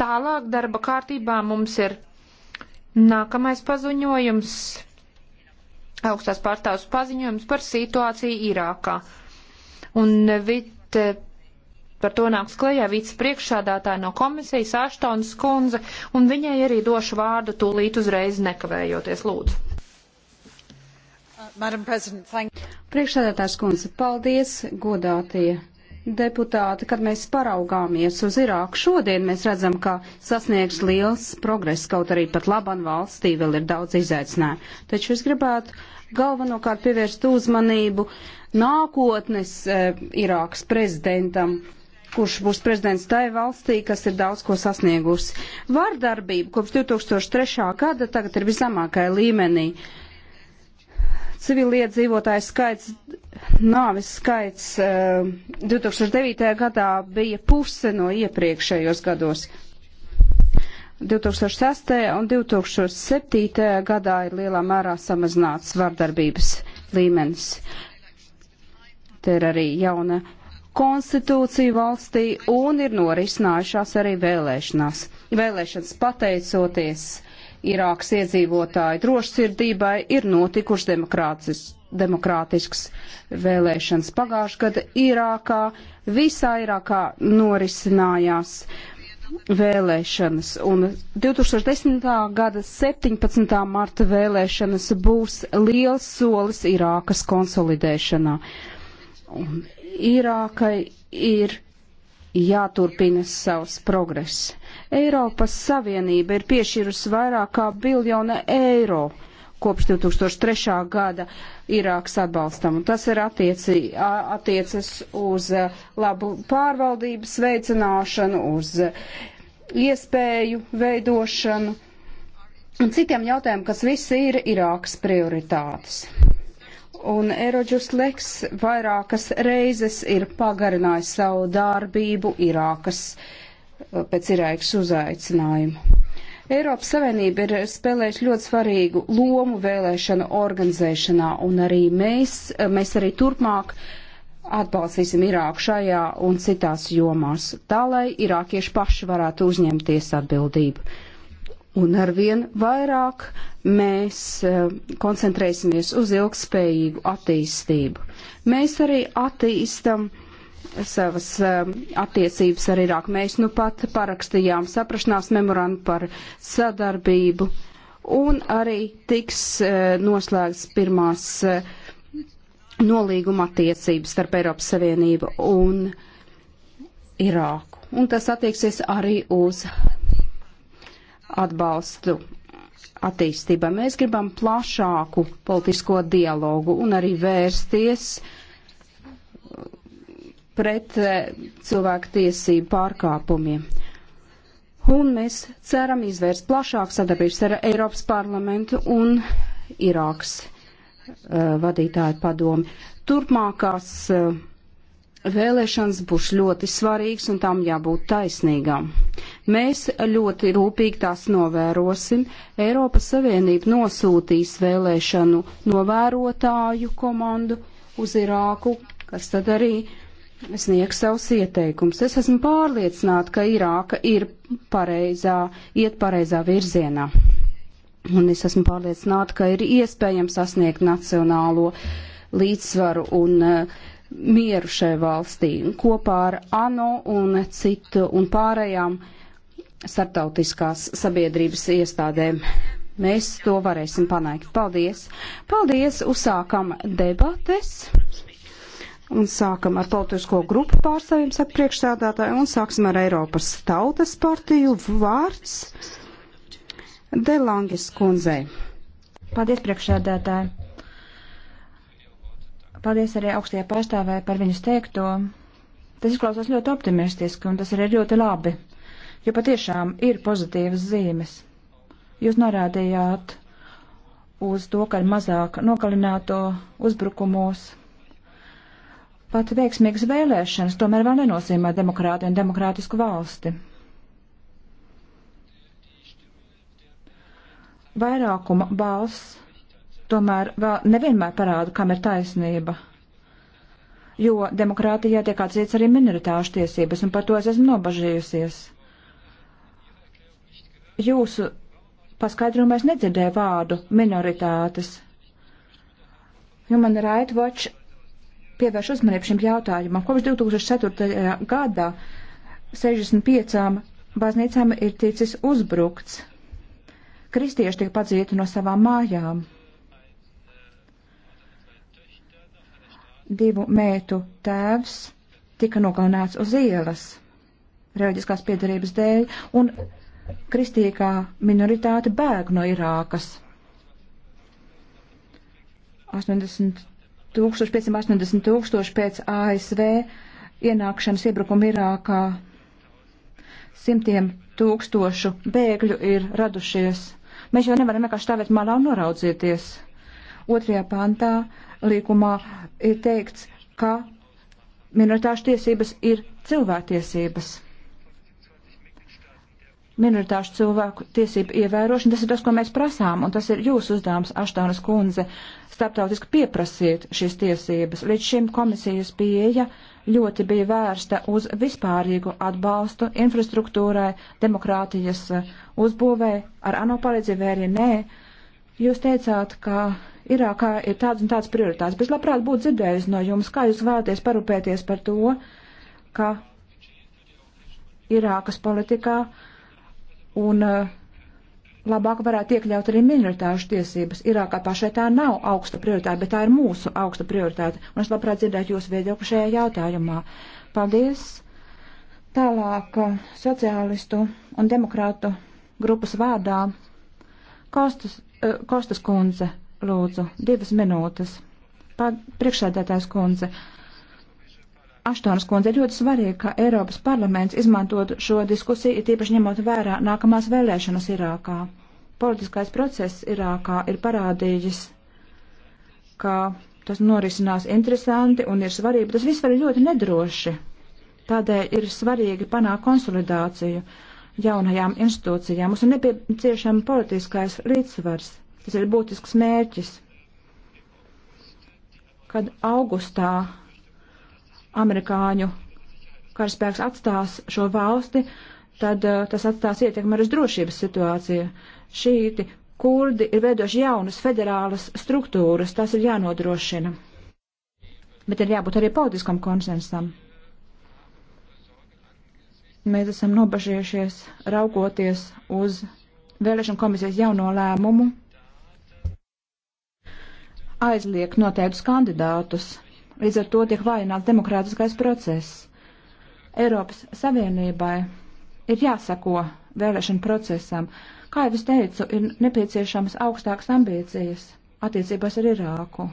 Tālāk darba kārtībā mums ir nākamais paziņojums, augstās pārstāvs paziņojums par situāciju Irākā. Un vit, par to nāks klajā vicepriekšādātāja no komisijas Aštons kundze, un viņai arī došu vārdu tūlīt uzreiz nekavējoties lūdzu. Uh, Priekšsēdētājs kundze, paldies, godātie deputāti, kad mēs paraugāmies uz Irāku šodien, mēs redzam, ka sasniegs liels progress, kaut arī pat laban valstī vēl ir daudz izaicinājumu. Taču es gribētu galvenokārt pievērst uzmanību nākotnes e, Irākas prezidentam kurš būs prezidents tai valstī, kas ir daudz ko sasniegusi. Vardarbība kopš 2003. gada tagad ir viszemākajā līmenī. Civiliedzīvotāju skaits nāvis skaits 2009. Eh, gadā bija puse no iepriekšējos gados. 2006. un 2007. gadā ir lielā mērā samazināts vardarbības līmenis. Te ir arī jauna konstitūcija valstī un ir norisinājušās arī vēlēšanās. Vēlēšanas pateicoties Irākas iedzīvotāju drošsirdībai ir notikušas demokrātis, demokrātisks vēlēšanas pagājušajā gada Irākā. Visā Irākā norisinājās vēlēšanas, un 2010. gada 17. marta vēlēšanas būs liels solis Irākas konsolidēšanā. Un Irākai ir jāturpina savs progress. Eiropas Savienība ir piešķirusi vairāk kā biljona eiro kopš 2003. gada Irākas atbalstam. Un tas ir attieci, attiecas uz labu pārvaldības veicināšanu, uz iespēju veidošanu un citiem jautājumiem, kas visi ir Irākas prioritātes un Eroģus Leks vairākas reizes ir pagarinājis savu darbību Irākas pēc Irākas uzaicinājumu. Eiropas Savienība ir spēlējusi ļoti svarīgu lomu vēlēšanu organizēšanā, un arī mēs, mēs arī turpmāk atbalstīsim Irāku šajā un citās jomās, tā lai irākieši paši varētu uzņemties atbildību. Un arvien vairāk mēs e, koncentrēsimies uz ilgspējīgu attīstību. Mēs arī attīstam uh, savas um, attiecības ar Irāku. Mēs nu pat parakstījām saprašanās memorandu par sadarbību un arī tiks uh, noslēgts pirmās uh, nolīguma attiecības starp Eiropas Savienību un Irāku. Un tas attieksies arī uz atbalstu attīstībā. Mēs gribam plašāku politisko dialogu un arī vērsties uh, pret eh, cilvēku tiesību pārkāpumiem. Un mēs ceram izvērst plašāku sadarbības ar Eiropas parlamentu un Irāks uh, eh, vadītāju padomi. Turpmākās uh, vēlēšanas būs ļoti svarīgas un tam jābūt taisnīgām. Mēs ļoti rūpīgi tās novērosim. Eiropas Savienība nosūtīs vēlēšanu novērotāju komandu uz Irāku, kas tad arī uh, sniegs savus ieteikumus. Es esmu pārliecināta, ka Irāka ir pareizā, iet pareizā virzienā. Un es esmu pārliecināta, ka ir iespējams sasniegt nacionālo līdzsvaru un uh, mieru šai valstī kopā ar ANO un citu un pārējām starptautiskās sabiedrības iestādēm. Mēs to varēsim panākt. Paldies! Paldies! Uzsākam debates! Un sākam ar politisko grupu pārstāvjiem, saka priekšsēdētāji, un sāksim ar Eiropas tautas partiju vārds Delangis kundzei. Paldies, priekšsēdētāji. Paldies arī augstajā pārstāvē par viņas teikto. Tas izklausās ļoti optimistiski, un tas arī ir ļoti labi, jo patiešām ir pozitīvas zīmes. Jūs norādījāt uz to, ka ir mazāk nokalināto uzbrukumos Pat veiksmīgas vēlēšanas tomēr vēl nenozīmē demokrātiju un demokrātisku valsti. Vairākuma balss tomēr vēl nevienmēr parāda, kam ir taisnība jo demokrātijā tiek atzīts arī minoritāšu tiesības, un par to es esmu nobažījusies. Jūsu paskaidrojumā es nedzirdēju vārdu minoritātes, jo man Right Watch pievērš uzmanību šim jautājumam. Kopš 2004. gada 65 baznīcām ir ticis uzbrukts. Kristieši tiek padzīti no savām mājām. Divu mētu tēvs tika nogalināts uz ielas reliģiskās piedarības dēļ, un kristīgā minoritāte bēg no Irākas. 80 1580 tūkstoši pēc ASV ienākšanas iebrukuma Irākā. Simtiem tūkstošu bēgļu ir radušies. Mēs jau nevaram vienkārši stāvēt malā un noraudzīties. Otrajā pantā līkumā ir teikts, ka minoritāšu tiesības ir cilvēktiesības minoritāšu cilvēku tiesību ievērošana. Tas ir tas, ko mēs prasām, un tas ir jūsu uzdevums, Aštānas kundze, starptautiski pieprasīt šīs tiesības. Līdz šim komisijas pieeja ļoti bija vērsta uz vispārīgu atbalstu infrastruktūrai, demokrātijas eh, uzbūvē, ar ANO palīdzību arī nē. Jūs teicāt, ka Irākā ir tāds un tāds prioritāts, bet labprāt būtu dzirdējusi no jums, kā jūs vēlaties parūpēties par to, ka Irākas politikā uh, un uh, labāk varētu iekļaut arī minoritāšu tiesības. Irākā pašai tā nav augsta prioritāte, bet tā ir mūsu augsta prioritāte, un es labprāt dzirdētu jūsu viedokli šajā jautājumā. Paldies! Tālāk uh, sociālistu un demokrātu grupas vārdā Kostas, uh, Kostas kundze lūdzu divas minūtes. Priekšsēdētājs kundze. Uh, Aštonas kundze, ļoti svarīgi, ka Eiropas parlaments izmantot šo diskusiju, tīpaši ņemot vērā nākamās vēlēšanas Irākā. Politiskais process Irākā ir parādījis, ka tas norisinās interesanti un ir svarīgi, bet tas viss var ir ļoti nedroši. Tādēļ ir svarīgi panākt konsolidāciju jaunajām institūcijām. Mums ir nepieciešama politiskais līdzsvars. Tas ir būtisks mērķis. Kad augustā amerikāņu karaspēks atstās šo valsti, tad uh, tas atstās ietekmi arī uz drošības situāciju. Šīti kurdi ir veidojuši jaunas federālas struktūras, tas ir jānodrošina. Bet ir jābūt arī politiskam konsensam. Mēs esam nobažījušies raugoties uz vēlēšanu komisijas jauno lēmumu aizliegt noteiktus kandidātus Līdz ar to tiek vājināts demokrātiskais process. Eiropas Savienībai ir jāsako vēlēšanu procesam. Kā jau es teicu, ir nepieciešamas augstākas ambīcijas attiecībās ar Irāku.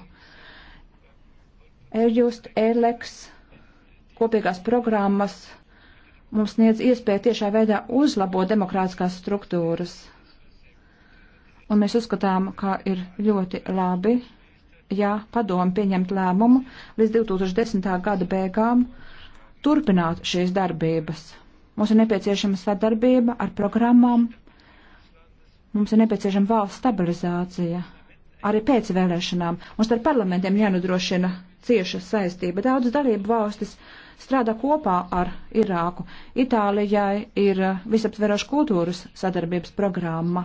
Erjust, Eleks, kopīgās programmas mums sniedz iespēju tiešā veidā uzlabot demokrātiskās struktūras. Un mēs uzskatām, ka ir ļoti labi, ja padomu pieņemt lēmumu līdz 2010. gada beigām turpināt šīs darbības. Mums ir nepieciešama sadarbība ar programmām, mums ir nepieciešama valsts stabilizācija, arī pēc vēlēšanām. Mums ar parlamentiem jānodrošina cieša saistība. Daudz dalību valstis strādā kopā ar Irāku. Itālijai ir visaptveroša kultūras sadarbības programma.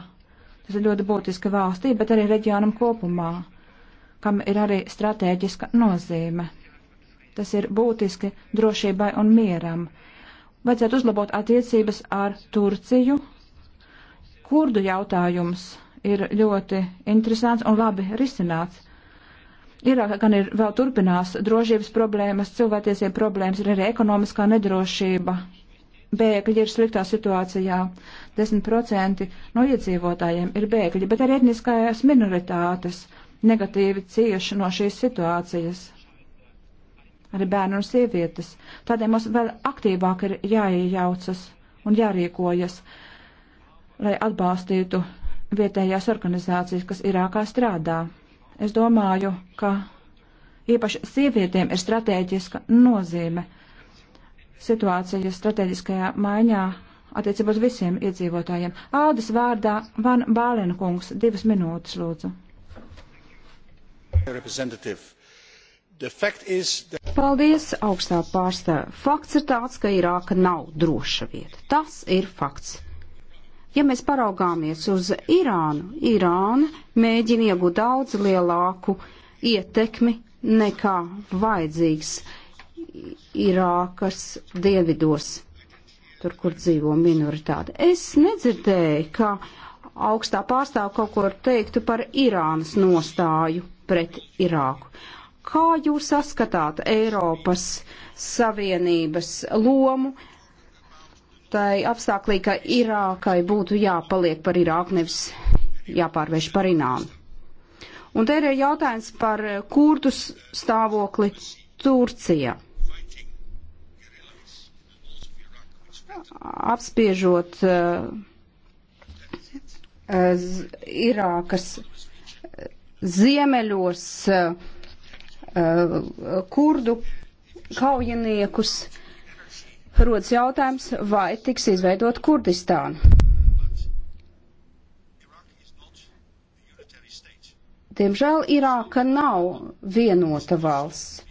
Tas ir ļoti būtiska valstī, bet arī reģionam kopumā kam ir arī strateģiska nozīme. Tas ir būtiski drošībai un mieram. Vajadzētu uzlabot attiecības ar Turciju. Kurdu jautājums ir ļoti interesants un labi risināts. Irākā gan ir vēl turpinās drošības problēmas, cilvēktiesība problēmas, ir arī ekonomiskā nedrošība. Bēgļi ir sliktā situācijā. 10% no iedzīvotājiem ir bēgļi, bet arī etniskās minoritātes negatīvi cieši no šīs situācijas. Arī bērni un sievietes. Tādēļ mums vēl aktīvāk ir jāiejaucas un jārīkojas, lai atbalstītu vietējās organizācijas, kas Irākā strādā. Es domāju, ka īpaši sievietēm ir strateģiska nozīme situācijas strateģiskajā maiņā attiecībā uz visiem iedzīvotājiem. Ādas vārdā Van Bālenkungs, divas minūtes lūdzu. Paldies, augstā pārstāve. Fakts ir tāds, ka Irāka nav droša vieta. Tas ir fakts. Ja mēs paraugāmies uz Irānu, Irāna mēģina iegūt daudz lielāku ietekmi nekā vajadzīgs Irākas dienvidos, tur, kur dzīvo minoritāte. Es nedzirdēju, ka augstā pārstāv kaut ko teiktu par Irānas nostāju pret Irāku. Kā jūs saskatāt Eiropas Savienības lomu? Tai apstāklī, ka Irākai būtu jāpaliek par Irāku, nevis jāpārvērš par Irānu. Un te ir jautājums par kurdu stāvokli Turcijā. Apspiežot uh, Irākas ziemeļos eh, eh, kurdu kaujiniekus, rodas jautājums, vai tiks izveidot Kurdistānu. Diemžēl Irāka nav vienota valsts.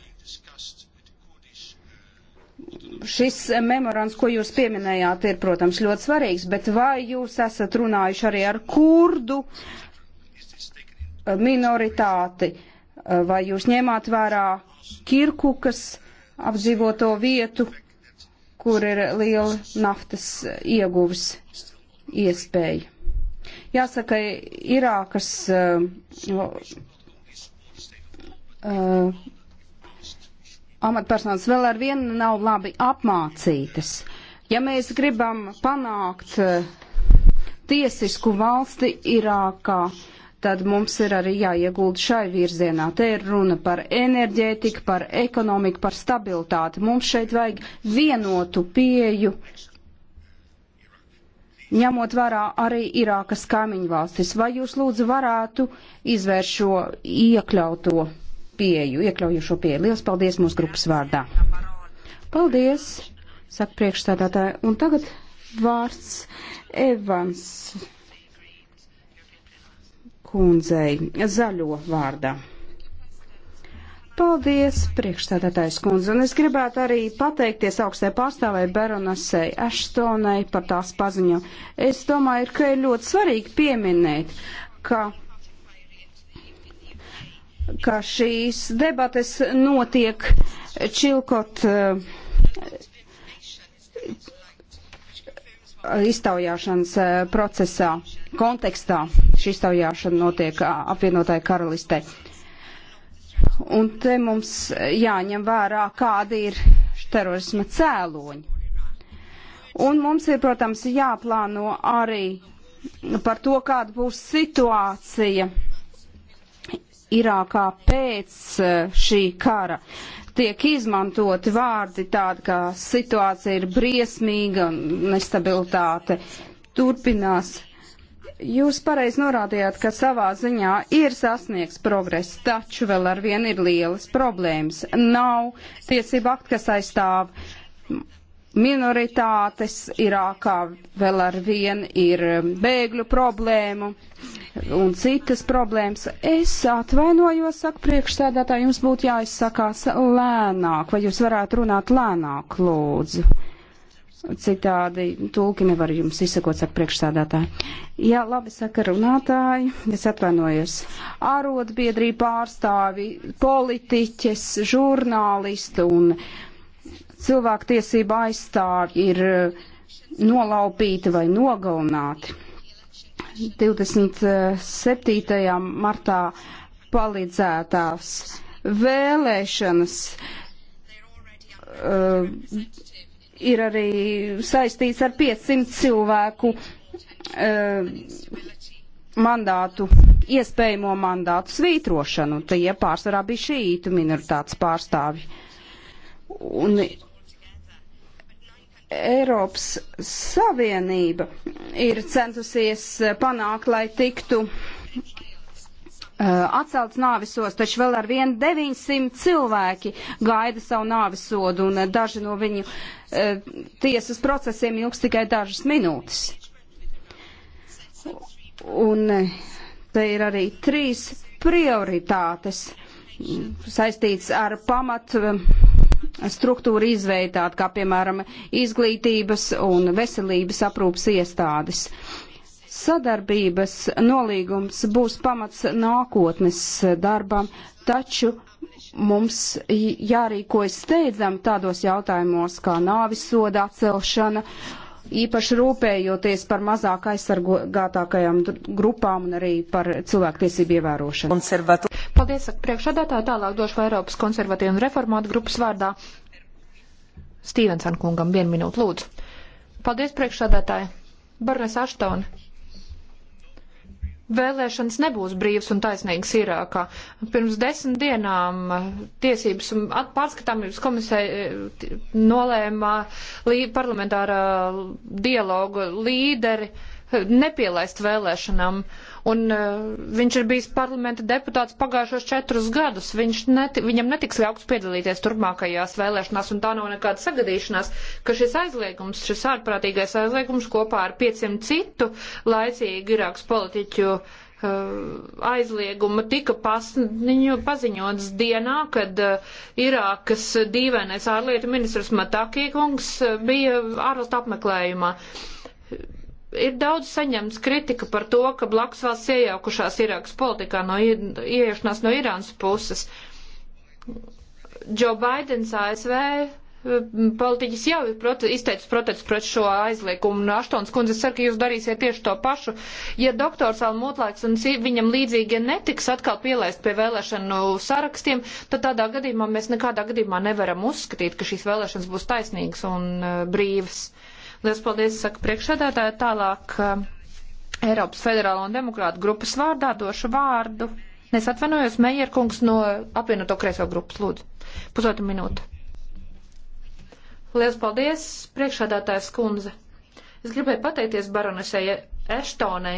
Šis memorands, ko jūs pieminējāt, ir, protams, ļoti svarīgs, bet vai jūs esat runājuši arī ar kurdu uh, minoritāti, vai jūs ņēmāt vērā Kirkukas apdzīvoto vietu, kur ir liela naftas ieguves iespēja. Jāsaka, Irākas uh, uh, amatpersonas vēl ar vienu nav labi apmācītas. Ja mēs gribam panākt uh, tiesisku valsti Irākā, uh, tad mums ir arī jāiegulda šai virzienā. Te ir runa par enerģētiku, par ekonomiku, par stabilitāti. Mums šeit vajag vienotu pieju, ņemot vērā arī Irākas kaimiņu valstis. Vai jūs lūdzu varētu izvērst šo iekļauto pieju, iekļaujušo pieju? Lielas paldies mūsu grupas vārdā. Paldies, saka priekšstādātāja. Un tagad vārds Evans kundzei zaļo vārdā. Paldies, priekšstādātājs kundze, un es gribētu arī pateikties augstai pārstāvai Baronasei Ashtonai par tās paziņu. Es domāju, ka ir ļoti svarīgi pieminēt, ka, ka šīs debates notiek čilkot. Uh, iztaujāšanas eh, procesā, kontekstā šī iztaujāšana notiek eh, apvienotāja karalistē. Un te mums jāņem vērā, kādi ir terorisma cēloņi. Un mums ir, protams, jāplāno arī par to, kāda būs situācija Irākā pēc eh, šī kara tiek izmantoti vārdi tādi, kā situācija ir briesmīga un nestabilitāte turpinās. Jūs pareizi norādījāt, ka savā ziņā ir sasniegts progress, taču vēl ar vienu ir lielas problēmas. Nav tiesība akt, kas aizstāv minoritātes, Irākā vēl ar vienu ir bēgļu problēmu. Uh, un citas problēmas. Es atvainojos, saka priekšsēdētāji, jums būtu jāizsakās lēnāk, vai jūs varētu runāt lēnāk, lūdzu. Citādi tulki nevar jums izsakot, saka priekšsēdētāji. Jā, labi, saka runātāji, es atvainojos. Arotbiedrība pārstāvi, politiķes, žurnālisti un cilvēktiesība aizstāvji ir nolaupīti vai nogalnāti 27. Eh, martā palīdzētās vēlēšanas uh, ir arī saistīts ar 500 cilvēku uh, mandātu, iespējamo mandātu svītrošanu. Tie pārsvarā bija šīītu minoritātes pārstāvji. Un Eiropas Savienība ir centusies eh, panākt, lai tiktu eh, atcelts nāvisos, taču vēl ar vienu 900 cilvēki gaida savu nāvisodu, un eh, daži no viņu uh, tiesas procesiem ilgs tikai dažas minūtes. Un te ir arī trīs prioritātes saistīts ar pamat struktūra izveidi, tādi kā, piemēram, izglītības un veselības aprūpas iestādes. Sadarbības nolīgums būs pamats nākotnes darbam, taču mums jārīkojas steidzam tādos jautājumos kā nāvis soda atcelšana īpaši rūpējoties par mazāk aizsargātākajām grupām un arī par cilvēktiesību ievērošanu. Konservatu. Paldies, priekšādātāji, tālāk došu Eiropas konservatīvu un reformātu grupas vārdā. Stīvenson kungam vienu minūtu lūdzu. Paldies, priekšādātāji. Barnes Aštoni Vēlēšanas nebūs brīvas un taisnīgas Irākā. Pirms desmit dienām eh, tiesības un pārskatāmības komisija eh, nolēma parlamentārā dialogu līderi uh, nepielaist vēlēšanām. Un uh, viņš ir bijis parlamenta deputāts pagājušos četrus gadus. Viņš neti, viņam netiks ļauts piedalīties turpmākajās vēlēšanās, un tā nav nekāda sagadīšanās, ka šis aizliegums, šis ārprātīgais aizliegums kopā ar 500 citu laicīgi Irāks politiķu uh, aizlieguma tika pasniņu, paziņots dienā, kad uh, Irākas dīvainais ārlietu ministrs Matakīkungs uh, bija ārvalstu apmeklējumā ir daudz saņemts kritika par to, ka blakus valsts iejaukušās Irākas politikā no ieiešanās no Irānas puses. Džo Baidens ASV politiķis jau ir prote izteicis protestu pret šo aizliekumu. No Aštons kundze cer, ka jūs darīsiet tieši to pašu. Ja doktors Almutlaiks un viņam līdzīgi netiks atkal pielaist pie vēlēšanu sarakstiem, tad tādā gadījumā mēs nekādā gadījumā nevaram uzskatīt, ka šīs vēlēšanas būs taisnīgas un eh, brīvas. Liels paldies, saka priekšsēdētāja. Tālāk uh, Eiropas Federālo un Demokrātu grupas vārdā došu vārdu. Es atvainojos, Mejerkungs no apvienoto kreiso grupas lūdzu. Pusotru minūtu. Liels paldies, priekšsēdētājas kundze. Es gribēju pateikties baronesei Eštonai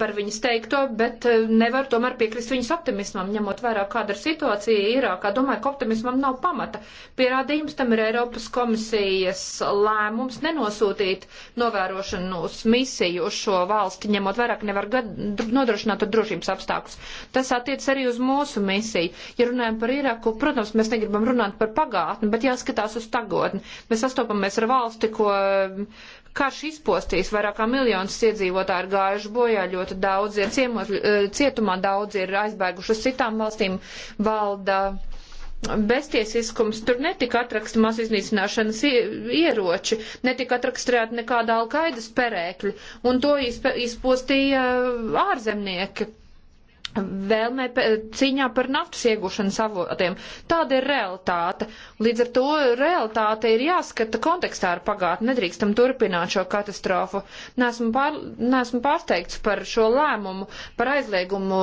par viņas teikto, bet eh, nevar tomēr piekrist viņas optimismam, ņemot vērā, kāda ir situācija Irākā. Domāju, ka optimismam nav pamata. Pierādījums tam ir Eiropas komisijas lēmums nenosūtīt novērošanu uz misiju uz šo valsti, ņemot vērā, ka nevar gad, nodrošināt tur drošības apstākļus. Tas attiec arī uz mūsu misiju. Ja runājam par Irāku, protams, mēs negribam runāt par pagātni, bet jāskatās uz tagodni. Mēs sastopamies ar valsti, ko Karš izpostīs vairāk kā miljonus iedzīvotāju ir gājuši bojā, ļoti daudz ir ciemos, eh, cietumā, daudz ir aizbēguši uz citām valstīm, valda beztiesiskums, tur netika atraksta maziznīcināšanas ieroči, netika atrakstrēta nekāda alkaidas perēkļa, un to izpostīja eh, ārzemnieki vēlmē cīņā par naftas iegūšanas avotiem. Tāda ir realitāte. Līdz ar to realitāte ir jāskata kontekstā ar pagātni. Nedrīkstam turpināt šo katastrofu. Nesmu, pār, nesmu pārsteigts par šo lēmumu, par aizliegumu,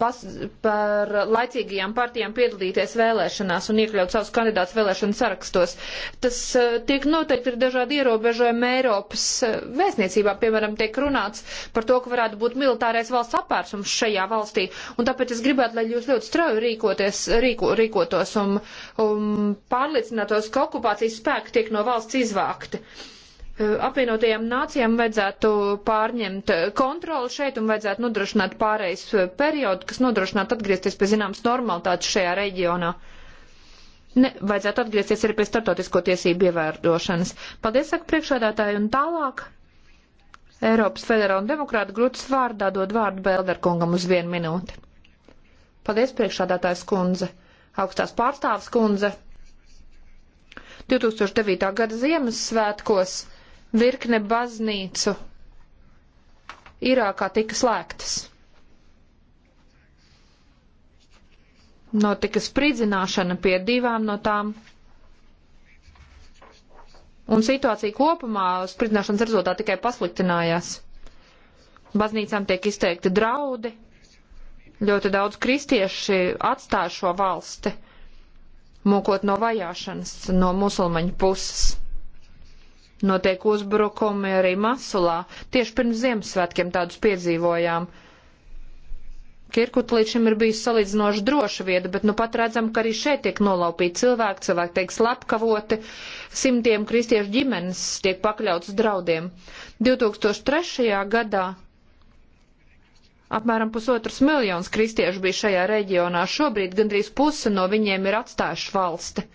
pas, par laicīgajām partijām piedalīties vēlēšanās un iekļaut savus kandidātus vēlēšanu sarakstos. Tas eh, tiek noteikti ir dažādi ierobežojumi Eiropas eh, vēstniecībā. Piemēram, tiek runāts par to, ka varētu būt militārais valsts apvērsums šajā valstī valstī. Un tāpēc es gribētu, lai jūs ļoti strauji rīkoties, rīko, rīkotos un, un pārliecinātos, ka okupācijas spēki tiek no valsts izvākti eh, apvienotajām nācijām vajadzētu pārņemt eh, kontroli šeit un vajadzētu nodrošināt pārējais eh, periodu, kas nodrošinātu atgriezties pie zināmas normalitātes šajā reģionā. Ne, vajadzētu atgriezties arī pie startotisko tiesību ievērdošanas. Paldies, saka priekšādātāji, un tālāk Eiropas federāla un demokrāta grupas vārdā dod vārdu Belderkungam uz vienu minūti. Paldies, priekšādātājs kundze, augstās pārstāvs kundze. 2009. gada Ziemassvētkos virkne baznīcu Irākā tika slēgtas. Notika spridzināšana pie divām no tām Un situācija kopumā spridzināšanas rezultātā tikai pasliktinājās. Baznīcām tiek izteikti draudi, ļoti daudz kristieši atstāja šo valsti, mūkot no vajāšanas no musulmaņu puses. Notiek uzbrukumi arī Masulā. Tieši pirms Ziemassvētkiem tādus piedzīvojām. Kirkut līdz šim ir bijusi salīdzinoši droša vieta, bet nu pat redzam, ka arī šeit tiek nolaupīti cilvēki, cilvēki tiek slepkavoti, simtiem kristiešu ģimenes tiek pakļautas draudiem. 2003. gadā apmēram pusotrs miljons kristiešu bija šajā reģionā, šobrīd gandrīz puse no viņiem ir atstājuši valsti.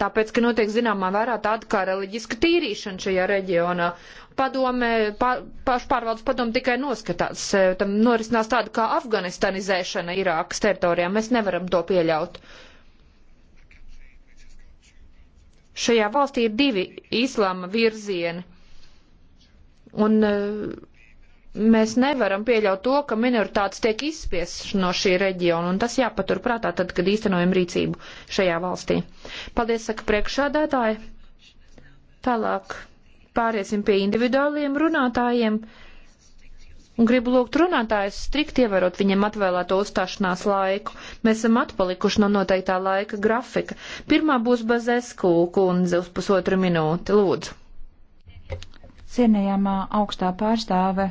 Tāpēc, ka notiek zināmā vērā tāda kā reliģiska tīrīšana šajā reģionā. Padome, pa, pašpārvaldes padome tikai noskatās. E, tam norisinās tāda kā afganistanizēšana Irākas teritorijā. Mēs nevaram to pieļaut. Šajā valstī ir divi islāma virzieni. Un uh, mēs nevaram pieļaut to, ka minoritātes tiek izspiestas no šī reģiona, un tas jāpaturprātā tad, kad īstenojam rīcību šajā valstī. Paldies, saka priekšādātāji. Tālāk pāriesim pie individuāliem runātājiem. Un gribu lūgt runātājus strikt ievērot viņiem atvēlēto uzstāšanās laiku. Mēs esam atpalikuši no noteiktā laika grafika. Pirmā būs Bazesku kundze uz pusotru minūti. Lūdzu. Cienījamā augstā pārstāve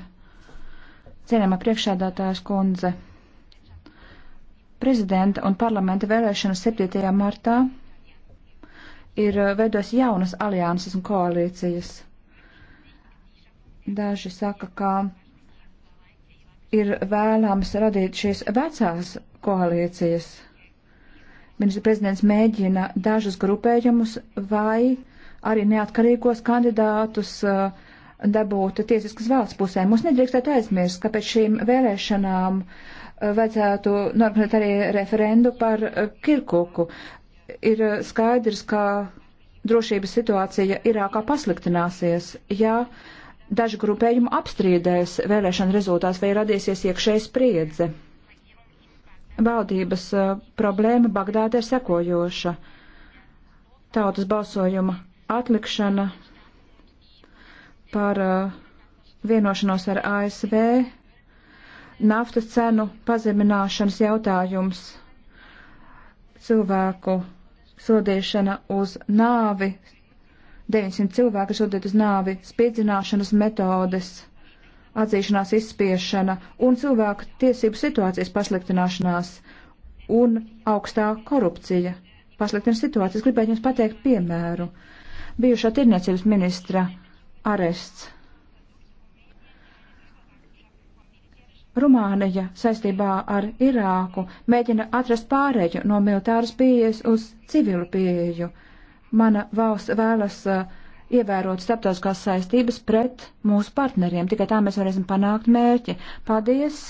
Cienījamā priekšādātājas kundze. Prezidenta un parlamenta vēlēšanas 7. martā ir eh, veidos jaunas alianses un koalīcijas. Daži saka, ka ir vēlams radīt šīs vecās koalīcijas. Ministra prezidents mēģina dažus grupējumus vai arī neatkarīgos kandidātus uh, dabūtu tiesiskas valsts pusē. Mums nedrīkstētu aizmirst, ka pēc šīm vēlēšanām eh, vajadzētu norganizēt arī referendu par eh, Kirkuku. Ir eh, skaidrs, ka drošības situācija Irākā pasliktināsies, ja daži grupējumi apstrīdēs vēlēšana rezultāts vai radīsies iekšēja spriedze. Valdības problēma Bagdāda ir sekojoša. Tautas balsojuma atlikšana par uh, vienošanos ar ASV naftas cenu pazemināšanas jautājums, cilvēku sodīšana uz nāvi, 900 cilvēku sodīt uz nāvi, spiedzināšanas metodes, atzīšanās izspiešana un cilvēku tiesību situācijas pasliktināšanās un augstā korupcija pasliktina situācijas. Gribētu jums pateikt piemēru. Bijušā tirniecības ministra arests. Rumānija saistībā ar Irāku mēģina atrast pārēju no militāras pieejas uz civilu pieeju. Mana valsts vēlas uh, ievērot starptautiskās saistības pret mūsu partneriem. Tikai tā mēs varēsim panākt mērķi. Paldies!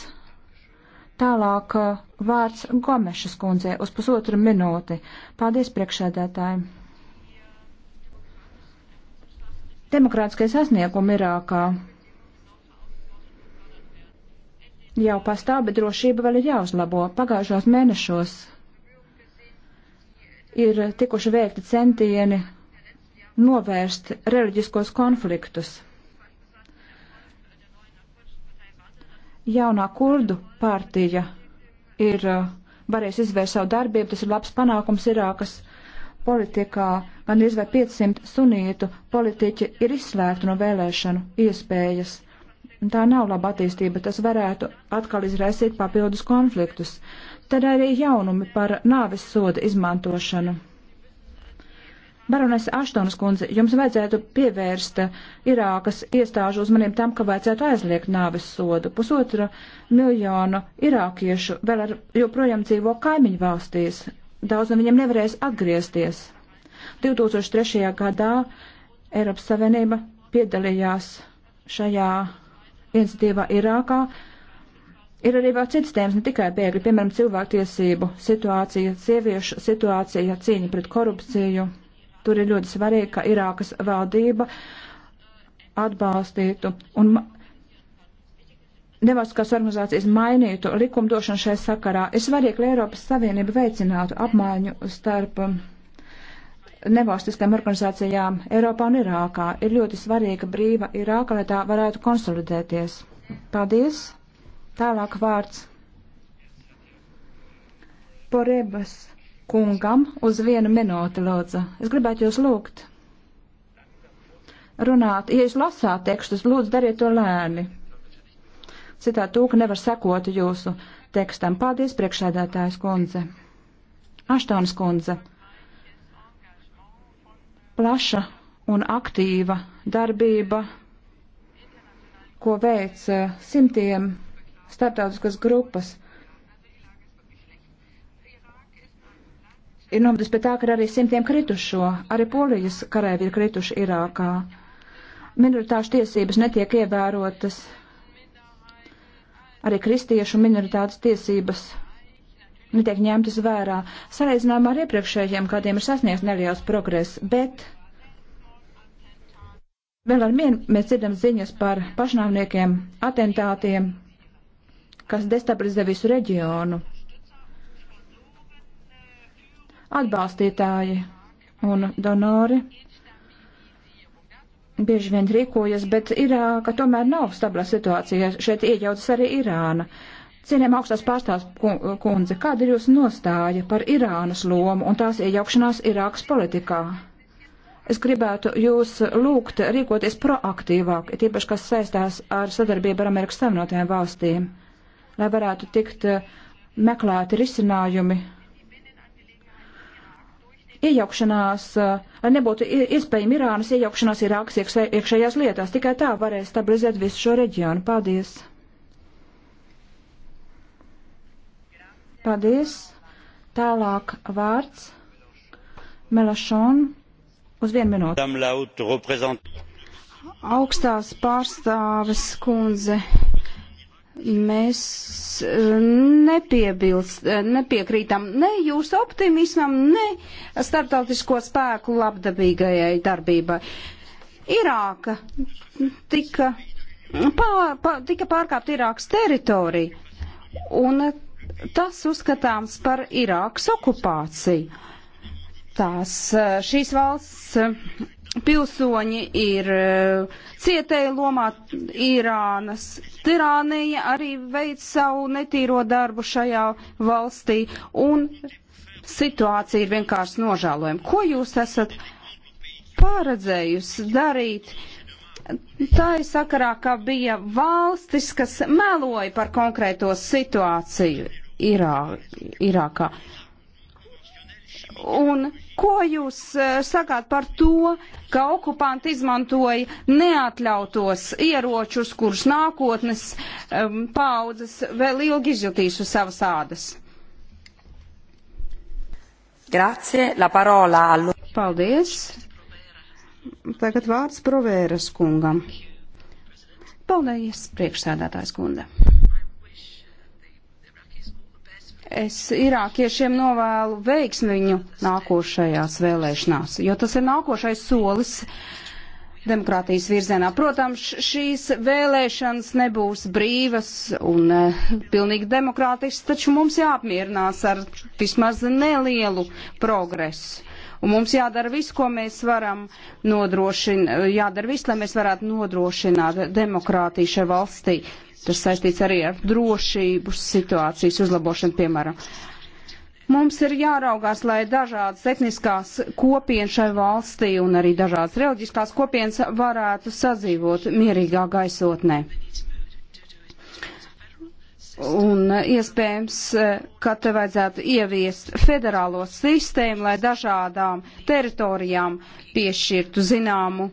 Tālāk uh, vārds Gomešas kundzei uz pusotru minūti. Paldies priekšēdētājiem! Demokrātiskie sasniegumi Irākā jau pastāv, bet drošība vēl ir jāuzlabo. Pagājušos mēnešos ir tikuši veikti centieni novērst reliģiskos konfliktus. Jaunā kurdu partija ir uh, varējusi izvērst savu darbību, tas ir labs panākums Irākas politikā gandrīz vai 500 sunītu politiķi ir izslēgti no vēlēšanu iespējas. Un tā nav laba attīstība, tas varētu atkal izraisīt papildus konfliktus. Tad arī jaunumi par nāvis soda izmantošanu. Baronese Aštonas kundze, jums vajadzētu pievērst Irākas iestāžu uzmanību tam, ka vajadzētu aizliegt nāves sodu. Pusotra miljonu irākiešu vēl ar, joprojām dzīvo kaimiņu valstīs, daudz no viņiem nevarēs atgriezties. 2003. gadā Eiropas Savienība piedalījās šajā iniciatīvā Irākā. Ir arī vēl citas tēmas, ne tikai bēgļi, piemēram, cilvēktiesību situācija, sieviešu situācija, cīņa pret korupciju. Tur ir ļoti svarīgi, ka Irākas valdība atbalstītu. Un nevalstiskās organizācijas mainītu likumdošanu šai sakarā. Ir svarīgi, lai Eiropas Savienība veicinātu apmaiņu starp um, nevalstiskajām organizācijām Eiropā un Irākā. Ir ļoti svarīga brīva Irāka, lai tā varētu konsolidēties. Paldies! Tālāk vārds Porebas kungam uz vienu minūti, lūdzu. Es gribētu jūs lūgt runāt. Ja jūs lasāt tekstus, lūdzu, dariet to lēni citādi tūka nevar sekot jūsu tekstam. Paldies, priekšsēdētājs kundze. Aštāns kundze. Plaša un aktīva darbība, ko veic eh, simtiem starptautiskas grupas. Ir nomadis pie tā, ka arī simtiem kritušo, arī polijas karēvi ir krituši Irākā. Minoritāšu tiesības netiek ievērotas arī kristiešu minoritātes tiesības netiek ņemtas vērā. Sareizinājumā ar iepriekšējiem gadiem ir sasniegts neliels progress, bet vēl ar mienu mēs dzirdam ziņas par pašnāvniekiem, atentātiem, kas destabilizē visu reģionu. Atbalstītāji un donori bieži vien rīkojas, bet Irāka tomēr nav stabilā situācija. Šeit iejaucas arī Irāna. Cieniem augstās pārstāvs kundze, kāda ir jūsu nostāja par Irānas lomu un tās iejaukšanās Irākas politikā? Es gribētu jūs lūgt rīkoties proaktīvāk, tīpaši, kas saistās ar sadarbību ar Amerikas Savienotajām valstīm, lai varētu tikt eh, meklēti risinājumi iejaukšanās, lai eh, nebūtu iespējama Irānas iejaukšanās Irākas iekšējās lietās. Tikai tā varēs stabilizēt visu šo reģionu. Paldies! Paldies! Tālāk vārds Melašon uz vienu minūti. Augstās pārstāves kundze Mēs eh, nepiebilst, eh, nepiekrītam ne jūsu optimismam, ne starptautisko spēku labdabīgajai darbībai. Irāka tika, pār, pār, tika pārkāpt Irākas teritoriju, un tas uzskatāms par Irākas okupāciju. Tās eh, šīs valsts pilsoņi ir eh, cietēji lomā Irānas. Tirānija arī veic savu netīro darbu šajā valstī, un situācija ir vienkārši nožēlojama. Ko jūs esat paredzējusi darīt? Tā ir sakarā, ka bija valstis, kas meloja par konkrēto situāciju Irā, Irākā. Un Ko jūs eh, sakāt par to, ka okupanti izmantoja neatļautos ieročus, kurus nākotnes um, paudzes vēl ilgi izjutīs uz savas ādas? Grazie, la parola allu. Paldies. Tagad vārds Provēras kungam. Paldies, priekšsēdētājs kunda. Es irākiešiem novēlu veiksmi viņu nākošajās vēlēšanās, jo tas ir nākošais solis demokrātijas virzienā. Protams, šīs vēlēšanas nebūs brīvas un uh, pilnīgi demokrātiskas, taču mums jāapmierinās ar vismaz nelielu progresu. Un mums jādara viss, ko mēs varam nodrošināt, jādara viss, lai mēs varētu nodrošināt demokrātiju šajā valstī. Tas saistīts arī ar drošības situācijas uzlabošanu, piemēram. Mums ir jāraugās, lai dažādas etniskās kopienas šai valstī un arī dažādas reliģiskās kopienas varētu sadzīvot mierīgā gaisotnē. Un eh, iespējams, eh, ka te vajadzētu ieviest federālo sistēmu, lai dažādām teritorijām piešķirtu zināmu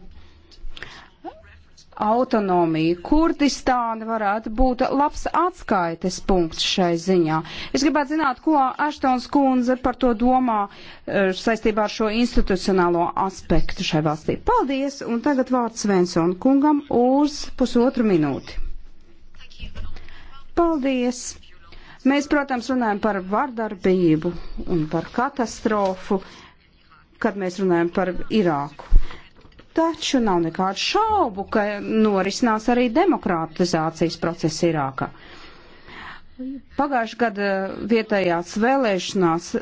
autonomiju. Kurdistāna varētu būt labs atskaites punkts šai ziņā. Es gribētu zināt, ko Aštons kundze par to domā eh, saistībā ar šo institucionālo aspektu šai valstī. Paldies, un tagad vārds Svensona kungam uz pusotru minūti. Paldies! Mēs, protams, runājam par vardarbību un par katastrofu, kad mēs runājam par Irāku. Taču nav nekādu šaubu, ka norisinās arī demokratizācijas process Irākā. Pagājušajā gada vietējās vēlēšanās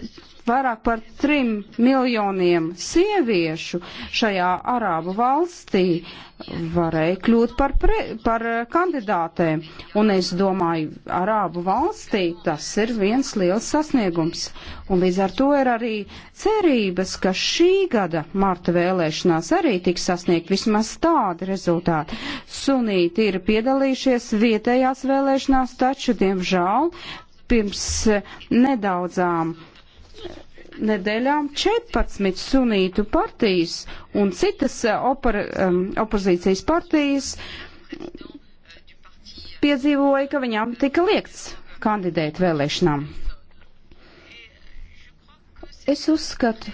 Vairāk par trim miljoniem sieviešu šajā arābu valstī varēja kļūt par, pre, par eh, kandidātēm. Un es domāju, arābu valstī tas ir viens liels sasniegums. Un līdz ar to ir arī cerības, ka šī gada marta vēlēšanās arī tiks sasniegt vismaz tādi rezultāti. Sunīti ir piedalījušies vietējās vēlēšanās, taču, diemžēl, pirms eh, nedaudzām nedēļām 14 sunītu partijas un citas eh, opor, um, opozīcijas partijas piedzīvoja, ka viņām tika liekts kandidēt vēlēšanām. Es uzskatu,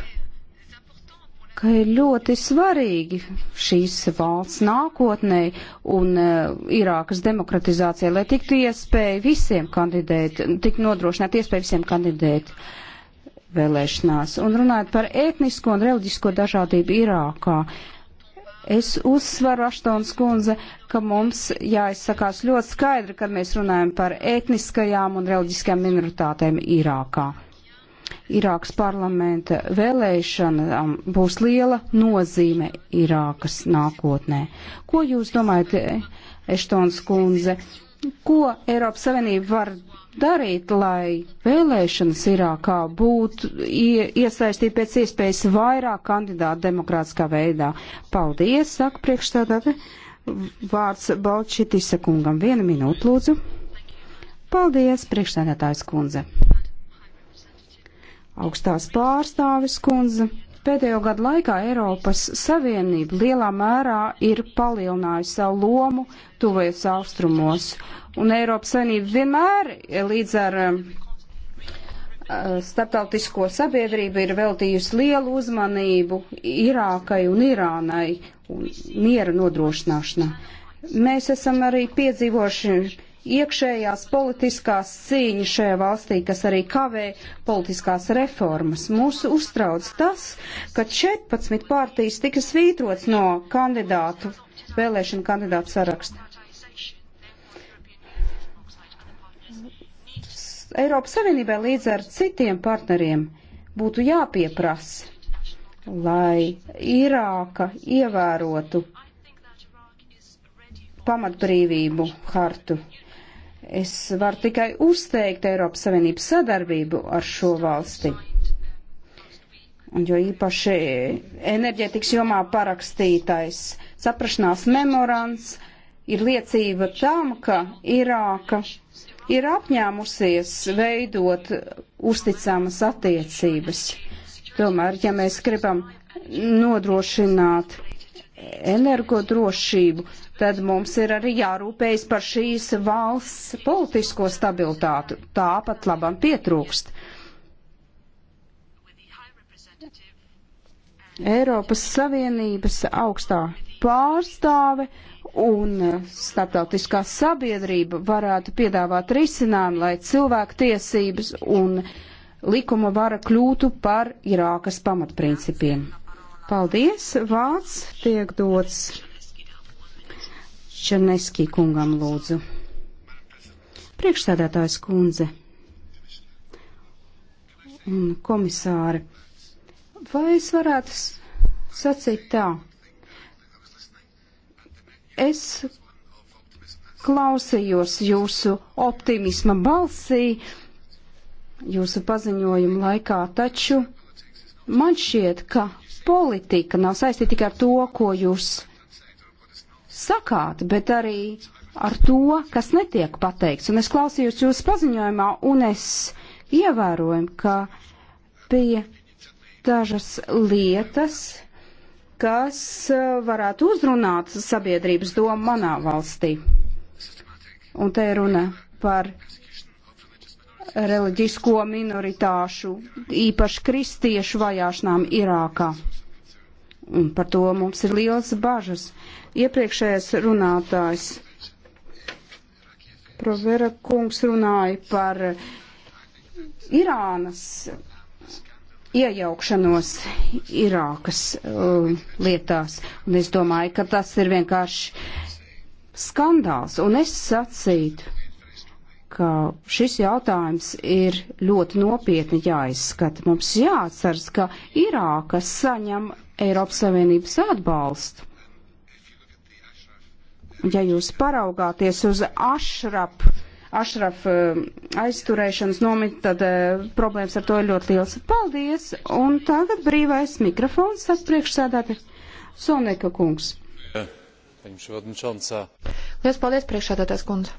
ka ir ļoti svarīgi šīs valsts nākotnē un uh, Irākas demokratizācijai, lai tiktu iespēja visiem kandidēt, tik nodrošināt iespēju visiem kandidēt. Uh, vēlēšanās. Un runājot par etnisko un reliģisko dažādību Irākā, es uzsveru, Aštons kundze, ka mums jāizsakās ļoti skaidri, kad mēs runājam par etniskajām un reliģiskajām minoritātēm Irākā. Irākas parlamenta vēlēšanām būs liela nozīme Irākas nākotnē. Ko jūs domājat, Eštons kundze? Ko Eiropas Savienība var darīt, lai vēlēšanas Irākā būtu iesaistīt pēc iespējas vairāk kandidātu demokrātiskā veidā? Paldies, saka priekšstādāte. Vārds Balčitisa kungam. Vienu minūtu, lūdzu. Paldies, priekšstādātājs kundze. Augstās pārstāvis kundze Pēdējo gadu laikā Eiropas Savienība lielā mērā ir palielinājusi savu lomu tuvajos austrumos, un Eiropas Savienība vienmēr līdz ar um, uh, starptautisko sabiedrību ir veltījusi lielu uzmanību Irākai un Irānai un miera nodrošināšanai. Mēs esam arī piedzīvojuši iekšējās politiskās cīņas šajā valstī, kas arī kavē politiskās reformas. Mūsu uztrauc tas, ka 14 partijas tika svītrots no kandidātu, vēlēšanu kandidātu saraksta. Eiropas Savienībai līdz ar citiem partneriem būtu jāpieprasa, lai Irāka ievērotu pamatbrīvību hartu Es varu tikai uzteikt Eiropas Savienības sadarbību ar šo valsti. Un jo īpaši enerģētikas jomā parakstītais saprašanās memorands ir liecība tam, ka Irāka ir apņēmusies veidot uzticamas attiecības. Tomēr, ja mēs gribam nodrošināt energodrošību, tad mums ir arī jārūpējas par šīs valsts politisko stabilitātu. Tāpat labam pietrūkst. Eiropas Savienības augstā pārstāve un starptautiskā sabiedrība varētu piedāvāt risinājumu, lai cilvēku tiesības un likuma vara kļūtu par Irākas pamatprincipiem. Paldies! Vārds tiek dots Černeski kungam lūdzu. Priekšstādātājs kundze un komisāri, vai es varētu sacīt tā? Es klausījos jūsu optimisma balsī, jūsu paziņojumu laikā, taču man šķiet, ka politika nav saistīta tikai ar to, ko jūs sakāt, bet arī ar to, kas netiek pateikts. Un es klausījos jūsu paziņojumā, un es ievēroju, ka bija dažas lietas, kas eh, varētu uzrunāt sabiedrības domu manā valstī. Un te ir runa par reliģisko minoritāšu, īpaši kristiešu vajāšanām Irākā. Un par to mums ir liels bažas. Uh, iepriekšējais runātājs. Provera kungs runāja par Irānas iejaukšanos Irākas uh, lietās, un es domāju, ka tas ir vienkārši skandāls, un es sacītu, ka šis jautājums ir ļoti nopietni jāizskata. Mums jāatceras, ka Irāka saņem Eiropas Savienības atbalstu ja jūs paraugāties uz ašrap, ašrap eh, aizturēšanas nomit, tad eh, problēmas ar to ir ļoti liels. Paldies! Un tagad brīvais mikrofons, tas priekšsēdētāji Soneka kungs. Liels paldies, priekšsēdētājs kundze.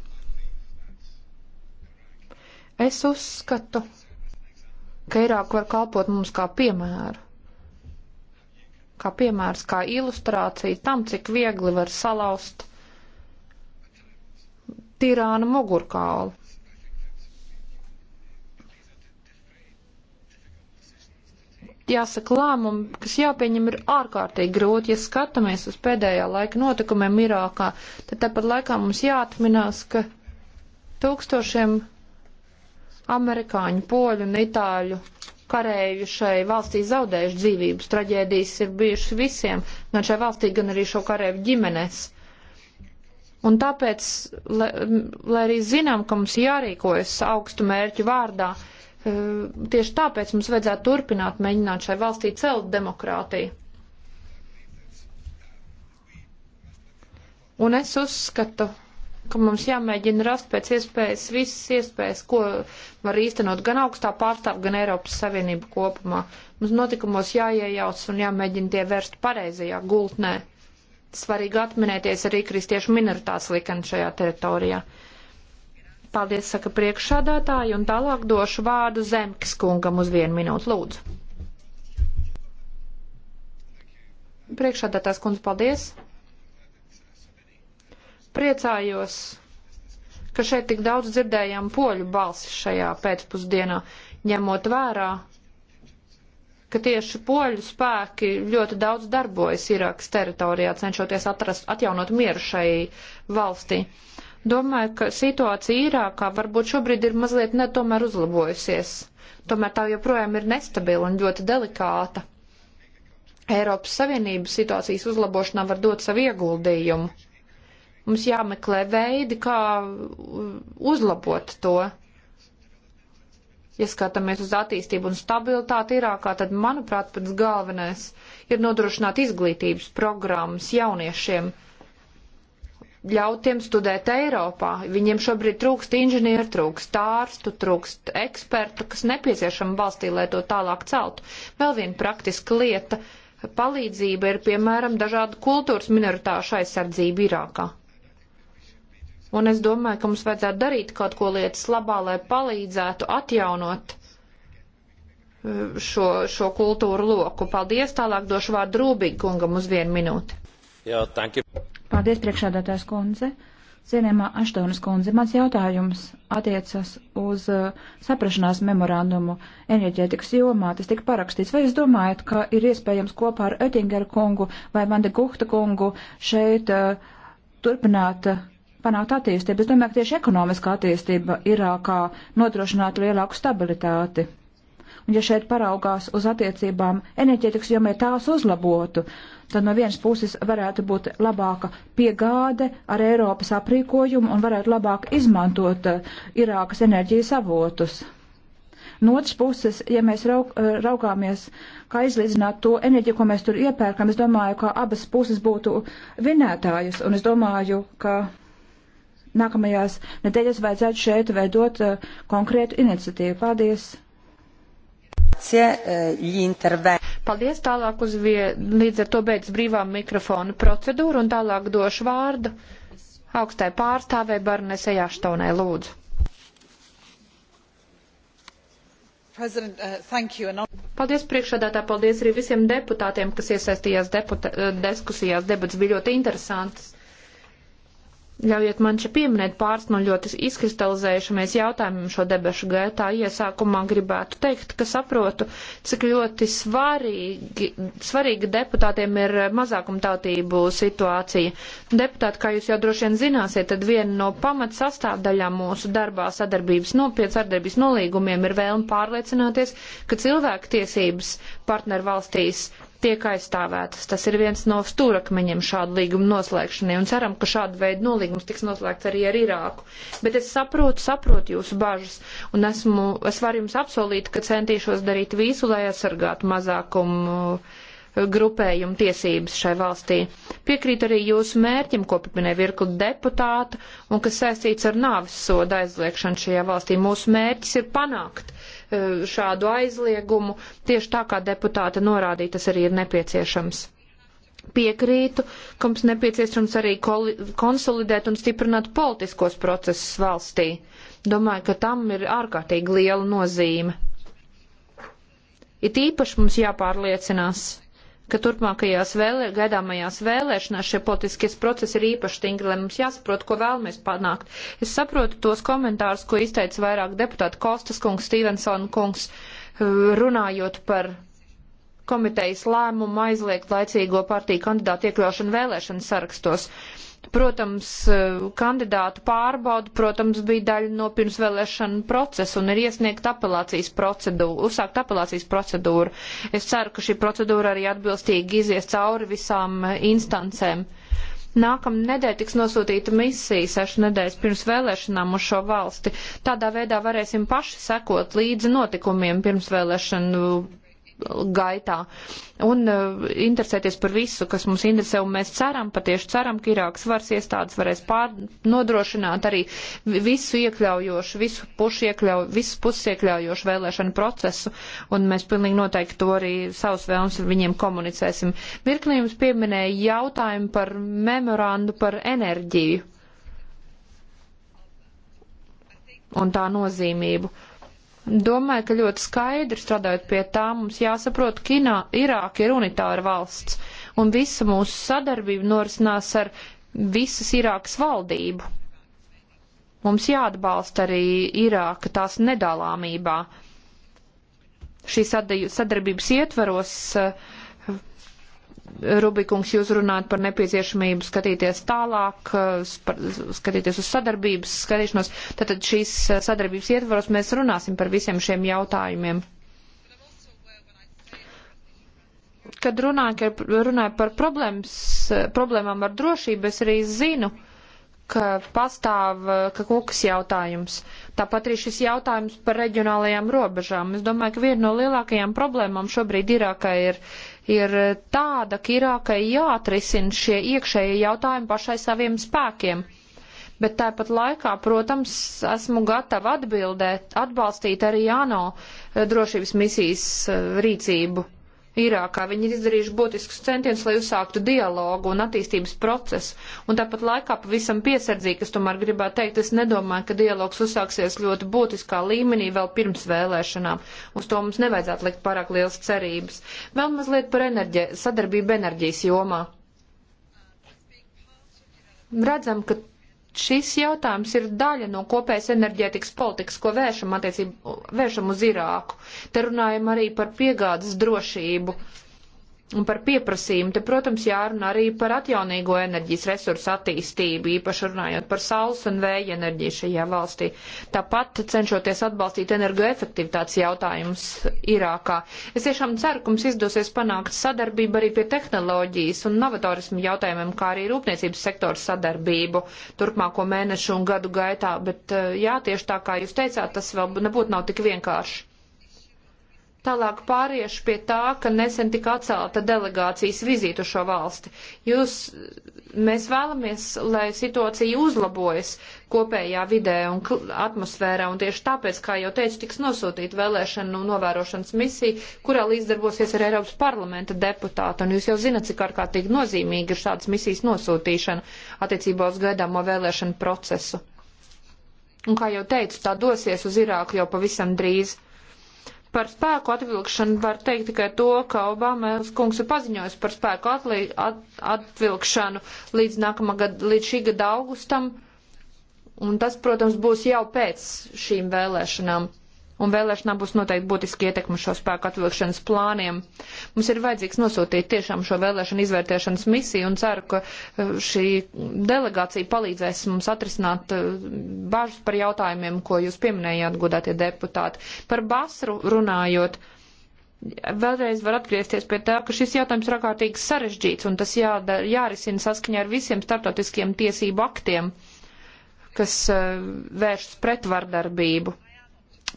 Es uzskatu, ka Irāk var kalpot mums kā piemēru kā piemērs, kā ilustrācija tam, cik viegli var salauzt tirāna mugurkaulu. jāsaka, lēmumi, kas jāpieņem, ir ārkārtīgi grūti. Ja skatāmies uz pēdējā laika notikumiem Irākā, tad tāpat laikā mums jāatminās, ka tūkstošiem amerikāņu, poļu un itāļu karēju šai valstī zaudējuši dzīvības. Traģēdijas ir bijušas visiem, gan šai valstī, gan arī šo karēju ģimenes. Un tāpēc, lai, lai arī zinām, ka mums jārīkojas augstu mērķu vārdā, eh, tieši tāpēc mums vajadzētu turpināt mēģināt šai valstī celt demokrātiju. Un es uzskatu, ka mums jāmēģina rast pēc iespējas visas iespējas, ko var īstenot gan augstā pārstāv, gan Eiropas Savienība kopumā. Mums notikumos jāiejauc un jāmēģina tie vērst pareizajā gultnē svarīgi atminēties arī kristiešu minoritātes likani šajā teritorijā. Paldies, saka priekšsādātāji, un tālāk došu vārdu Zemkis kungam uz vienu minūtu lūdzu. Priekšsādātājs kundze, paldies. Priecājos, ka šeit tik daudz dzirdējām poļu balsis šajā pēcpusdienā, ņemot vērā ka tieši poļu spēki ļoti daudz darbojas Irākas teritorijā, cenšoties atrast, atjaunot mieru šai valstī. Domāju, ka situācija Irākā varbūt šobrīd ir mazliet netomēr uzlabojusies. Tomēr tā joprojām ir nestabila un ļoti delikāta. Eiropas Savienības situācijas uzlabošanā var dot savu ieguldījumu. Mums jāmeklē veidi, kā uzlabot to Ja skatāmies uz attīstību un stabilitāti Irākā, tad, manuprāt, pats galvenais ir nodrošināt izglītības programmas jauniešiem, ļautiem studēt Eiropā. Viņiem šobrīd trūkst inženieru, trūkst ārstu, trūkst ekspertu, kas nepieciešama valstī, lai to tālāk celtu. Vēl viena praktiska lieta - palīdzība ir, piemēram, dažādu kultūras minoritāšu aizsardzība Irākā. Un es domāju, ka mums vajadzētu darīt kaut ko lietas labā, lai palīdzētu atjaunot eh, šo, šo kultūru loku. Paldies, tālāk došu vārdu Rūbīgi kungam uz vienu minūti. Jā, tanki. Paldies, priekšādātājs kundze. Cienījumā Aštonas kundze, mans jautājums attiecas uz uh, saprašanās memorandumu enerģētikas jomā. Tas tika parakstīts. Vai jūs domājat, ka ir iespējams kopā ar Oettingeru kungu vai Vande Guhta kungu šeit uh, turpināt uh, panākt attīstību. Es domāju, ka tieši ekonomiskā attīstība Irākā nodrošinātu lielāku stabilitāti. Un ja šeit paraugās uz attiecībām enerģētikas jomē tās uzlabotu, tad no vienas puses varētu būt labāka piegāde ar Eiropas aprīkojumu un varētu labāk izmantot Irākas enerģijas avotus. No otras puses, ja mēs raug, raugāmies, kā izlīdzināt to enerģiju, ko mēs tur iepērkam, es domāju, ka abas puses būtu vinētājas, un es domāju, ka nākamajās nedēļas vajadzētu šeit veidot uh, konkrētu iniciatīvu. Paldies! Eh, paldies tālāk uz vie, līdz ar to beidz brīvā mikrofona procedūru un tālāk došu vārdu augstai pārstāvē Barnesei Aštonai lūdzu. Eh, paldies priekšādātā, paldies arī visiem deputātiem, kas iesaistījās deputa, diskusijās, debats bija ļoti interesants Ļaujiet man šeit pieminēt pāris no ļoti izkristalizējušamies jautājumiem šo debašu gaitā. Iesākumā gribētu teikt, ka saprotu, cik ļoti svarīgi, svarīga deputātiem ir mazākumtautību situācija. Deputāti, kā jūs jau droši vien zināsiet, tad viena no pamat sastāvdaļām mūsu darbā sadarbības, no, pie sadarbības nolīgumiem ir vēlme pārliecināties, ka cilvēku tiesības partneru valstīs tiek aizstāvētas. Tas ir viens no stūrakmeņiem šādu līgumu noslēgšanai, un ceram, ka šāda veida nolīgums tiks noslēgts arī ar Irāku. Bet es saprotu, saprotu jūsu bažas, un esmu, es varu jums apsolīt, ka centīšos darīt visu, lai aizsargātu mazākumu uh, grupējumu tiesības šai valstī. Piekrīt arī jūsu mērķim, ko pieminēja virkli deputāta, un kas saistīts ar nāvis soda aizliekšanu šajā valstī. Mūsu mērķis ir panākt Eh, šādu aizliegumu, tieši tā kā deputāte norādīja, tas arī ir nepieciešams. Piekrītu, ka mums nepieciešams arī konsolidēt un stiprināt politiskos procesus valstī. Domāju, ka tam ir ārkārtīgi liela nozīme. It īpaši mums jāpārliecinās, ka turpmākajās vēlē, gaidāmajās vēlēšanās šie politiskie procesi ir īpaši stingri, lai mums jāsaprot, ko vēlamies panākt. Es saprotu tos komentārus, ko izteica vairāk deputāti Kostas kungs, Stevensona kungs, eh, runājot par komitejas lēmumu aizliegt laicīgo partiju kandidātu iekļaušanu vēlēšanu sarakstos. Protams, eh, kandidātu pārbauda, protams, bija daļa no pirmsvēlēšana procesa un ir iesniegta apelācijas procedūra, uzsākt apelācijas procedūra. Es ceru, ka šī procedūra arī atbilstīgi izies cauri visām eh, instancēm. Nākamā nedēļa tiks nosūtīta misija sešu nedēļas pirms vēlēšanām uz šo valsti. Tādā veidā varēsim paši sekot līdzi notikumiem pirms vēlēšanu gaitā un uh, interesēties par visu, kas mums interesē, un mēs ceram, patieši ceram, ka Irākas varas iestādes varēs pār, nodrošināt arī visu iekļaujošu, visu pušu iekļauju, visu puses iekļaujošu vēlēšanu procesu, un mēs pilnīgi noteikti to arī savus vēlmes viņiem komunicēsim. Virkni jums pieminēja jautājumu par memorandu par enerģiju un tā nozīmību Domāju, ka ļoti skaidri strādājot pie tā, mums jāsaprot, ka Irāka ir unitāra valsts, un visa mūsu sadarbība norisinās ar visas Irākas valdību. Mums jāatbalsta arī Irāka tās nedalāmībā. Šī sadarbības ietvaros uh, Rubikungs, jūs runājat par nepieciešamību skatīties tālāk, eh, skatīties uz sadarbības skatīšanos. Tātad šīs eh, sadarbības ietvaros mēs runāsim par visiem šiem jautājumiem. Kad runāju, runāju par problēmas, problēmām ar drošību, es arī zinu, ka pastāv eh, ka kukas jautājums. Tāpat arī šis jautājums par reģionālajām robežām. Es domāju, ka viena no lielākajām problēmām šobrīd Irākā ir. Uh, ir eh, tāda, ka Irākai jāatrisina šie iekšējie jautājumi pašai saviem spēkiem. Bet tāpat laikā, protams, esmu gatava atbildēt, atbalstīt arī ANO eh, drošības misijas eh, rīcību Irākā. Viņi ir izdarījuši būtiskus centienus, lai uzsāktu dialogu un attīstības procesu. Un tāpat laikā pavisam piesardzīgi, es tomēr gribētu teikt, es nedomāju, ka dialogs uzsāksies ļoti būtiskā līmenī vēl pirms vēlēšanām. Uz to mums nevajadzētu likt pārāk liels cerības. Vēl mazliet par enerģē, sadarbību enerģijas jomā. Redzam, ka šis jautājums ir daļa no kopējas enerģētikas politikas, ko vēršam, attiecību, vēršam uz Irāku. Te runājam arī par piegādes drošību. Uh, Un par pieprasījumu te, protams, jārunā arī par atjaunīgo enerģijas resursu attīstību, īpaši runājot par saules un vēja enerģiju šajā valstī. Tāpat cenšoties atbalstīt energoefektivitātes jautājumus Irākā. Es tiešām ceru, ka mums izdosies panākt sadarbību arī pie tehnoloģijas un novatorismu jautājumiem, kā arī rūpniecības sektora sadarbību turpmāko mēnešu un gadu gaitā. Bet eh, jā, tieši tā kā jūs teicāt, tas vēl nebūtu nav tik vienkārši. Tālāk pāriešu pie tā, ka nesen tika atcelta delegācijas vizīte uz šo valsti. Jūs, mēs vēlamies, lai situācija uzlabojas kopējā vidē un atmosfērā, un tieši tāpēc, kā jau teicu, tiks nosūtīta vēlēšana un novērošanas misija, kurā līdzdarbosies ar Eiropas parlamenta deputātu, un jūs jau zinat, cik ārkārtīgi nozīmīgi ir šādas misijas nosūtīšana attiecībā uz gaidāmo vēlēšanu procesu. Un kā jau teicu, tā dosies uz Irāku jau pavisam drīz. Par spēku atvilkšanu var teikt tikai to, ka Obama kungs ir paziņojis par spēku atlī, at, atvilkšanu līdz, nākamā gada, līdz šī gada augustam. Un tas, protams, būs jau pēc šīm vēlēšanām un vēlēšanām būs noteikti būtiski ietekmi šo spēku atvilkšanas plāniem. Mums ir vajadzīgs nosūtīt tiešām šo vēlēšanu izvērtēšanas misiju un ceru, ka uh, šī delegācija palīdzēs mums atrisināt uh, bažas par jautājumiem, ko jūs pieminējāt, godātie deputāti. Par Basru runājot. Vēlreiz var atgriezties pie tā, ka šis jautājums ir ārkārtīgi sarežģīts un tas jādara, jārisina saskaņā ar visiem starptautiskiem tiesību aktiem, kas uh, vēršas pret vardarbību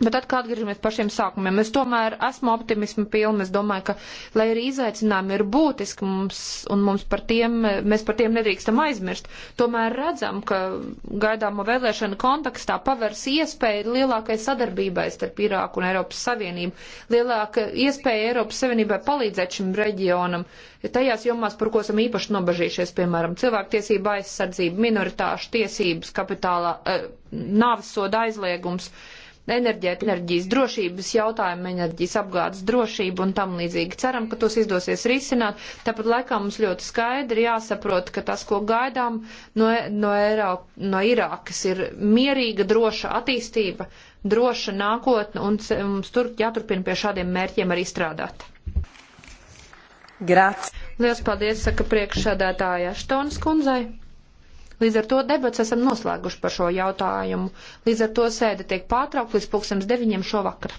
Bet atkal atgriežamies pie šiem sākumiem. Es tomēr esmu optimismu pilna. Es domāju, ka, lai arī izaicinājumi ir būtiski mums, un mums par tiem, mēs par tiem nedrīkstam aizmirst, tomēr redzam, ka gaidāmo vēlēšanu kontekstā pavērs iespēja lielākai sadarbībai starp Irāku un Eiropas Savienību, lielāka iespēja Eiropas Savienībai palīdzēt šim reģionam, tajās jomās, par ko esam īpaši nobažījušies, piemēram, cilvēktiesība aizsardzība, minoritāšu tiesības, kapitālā, eh, nāves soda aizliegums. Uh, enerģijas drošības jautājumu, enerģijas apgādes drošību un tam līdzīgi. Ceram, ka tos izdosies risināt. Tāpat laikā mums ļoti skaidri jāsaprot, ka tas, ko gaidām no, e- no, Eiro, no Irākas, ir mierīga, droša attīstība, droša nākotne un mums tur jāturpina pie šādiem mērķiem arī strādāt. Grāts. Lielas paldies, saka priekšsēdētāja Štons kundzei. Līdz ar to debats esam noslēguši par šo jautājumu. Līdz ar to sēde tiek pārtraukta līdz pulkstens deviņiem šovakar.